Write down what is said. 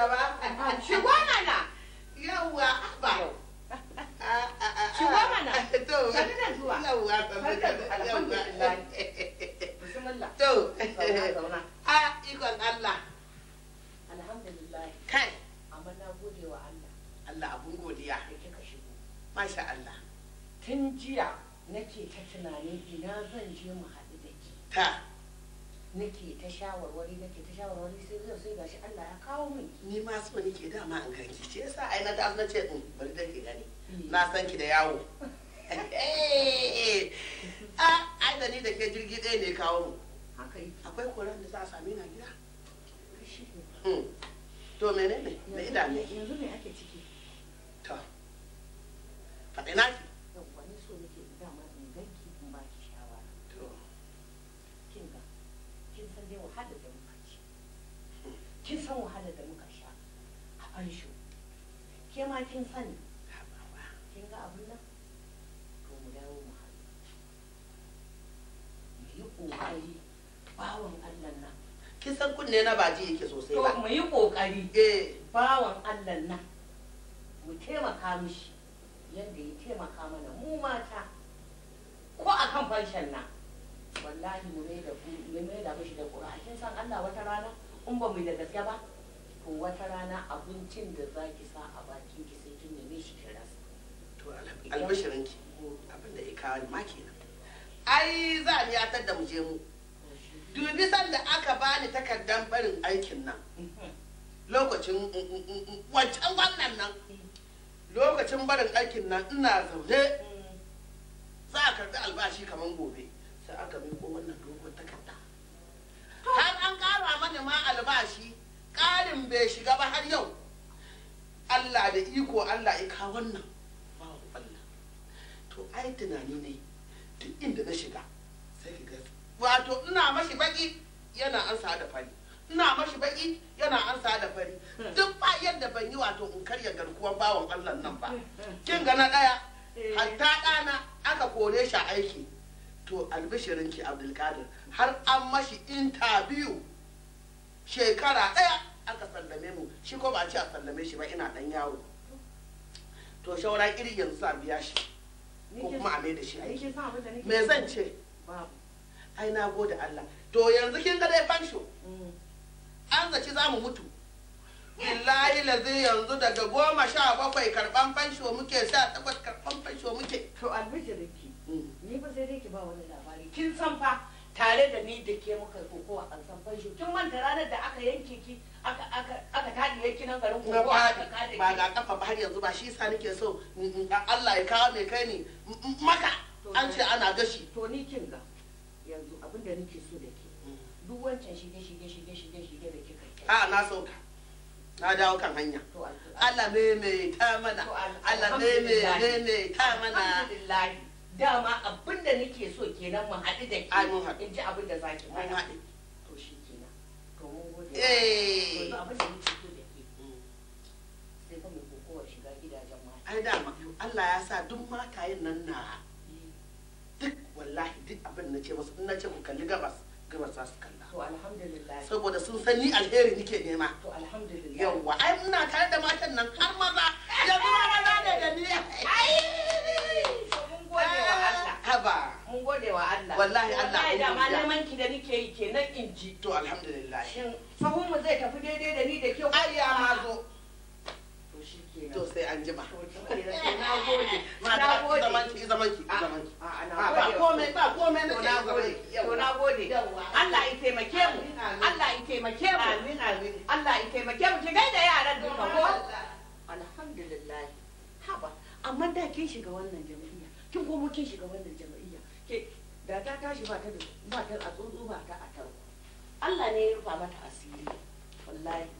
shiga shigo mana yawwa ba shigo mana to zuwa yawwa bismillah to a ikon Allah alhamdulillah kai amma na gode wa Allah Allah abun godiya da kika shigo masha Allah tun jiya nake ta tunanin ina zan je mu haɗu da ke ta nake ta shawarwari nake ta shawarwari sai zai sai gashi Allah ya kawo min ni ma so nake dama an ganki shi yasa ai na tafi na ce in mm, bari take gani mm. na san ki da yawo eh, a ai da ni da ke jirgi ɗaya ne kawo mu haka yi akwai koran da za a sami na gida hmm. to menene me na ne yanzu me ake ciki to faɗi ki wahala da muka ci kin san wahala da muka sha a fansho ke ma kin sani kin ga abin nan to mu dawo mu haɗu mu yi ƙoƙari bawan allah nan kin san kunne na ba ji yake sosai ba to mu yi ƙoƙari eh. bawan allah nan mu taimaka mishi yadda ya taimaka mana mu mata ko akan fanshan nan wallahi mu mai da mu mai da mishi da ƙura kin san Allah wata rana in ba mu da gaske ba to wata rana abincin da za ki sa a bakin ki sai kin neme shi kira to albashirin ki abin da ya kawo ma kenan ai za ni ya da mu je mu dubi sanda aka bani takardar barin aikin nan lokacin mm, mm, mm, wancan wannan nan lokacin barin aikin nan ina zaune za a karbi albashi kamar gobe sai aka miko wannan dogon takarda har an kara mana ma albashi ƙarin bai shiga ba har yau Allah da iko Allah ya kawo wannan bawo Allah to ai tunani ne duk inda na shiga sai ki ga wato ina mashi baki yana sa da fari ina mashi baki yana sa da fari duk ba yadda ban yi wato in karya garkuwar bawon Allah nan ba kin ga na daya eh. hatta ɗana aka kore shi aiki to albishirinki abdulkadir har an mashi intabiyu shekara ɗaya aka sallame mu shi ko ba ce a sallame shi ba ina ɗan yawo to shaura iri yanzu a biya shi ko kuma a mai da shi aiki me zan ce ai na gode Allah to yanzu kin ga dai fansho mm. an zaci za mu mutu billahi lazi yanzu daga goma sha bakwai karban fansho muke sha takwas karban fansho muke to albishirinki ba wani labari kin san fa tare da ni da ke muka kokowa a san fashi kin manta ranar da aka yanke ki aka aka aka tadi ki nan garin kokowa aka ba ga kafa ba har yanzu ba shi yasa nake so Allah ya kawo mai kai ni maka an ce ana gashi to ni kin ga yanzu abin da nake so da ke duk wancan shige shige shige shige shige da kika kai. a na sauka na dawo kan hanya Allah ne mai ta mana Allah ne mai ta mana dama abin da nake so kenan mu haɗu da ke in ji abin da zaki mun haɗu to shi kenan to mun gode eh abin da nake so da ke mm. sai fa mu kokowar shiga gidajen mata ai da ma Allah ya sa duk mata yin nan na eh. duk wallahi duk abin da ce masu in nace ku kalli gabas gabas za su kalla to alhamdulillah saboda sun san ni alheri nike nema to alhamdulillah yawa ai muna tare da matan nan har maza wallahi Allah ya da ma neman ki da nake yi kenan in ji to alhamdulillah shin sahun zai tafi daidai da ni da kyau ai ya ma zo to shikenan to sai an jima na gode na gode zaman ki zaman ki ah, zaman ki ah, ah, ba komai ba komai na na gode to na gode Allah ya taimake mu Allah ya taimake mu amin amin Allah ya taimake mu ki gaida yaran duka ko alhamdulillah haba amma da kin shiga wannan jami'a kin komo kin shiga wannan jami'a da ta tashi ba ta a tsuntsu ba ta a tau Allah ne ya rufa mata asiri wallahi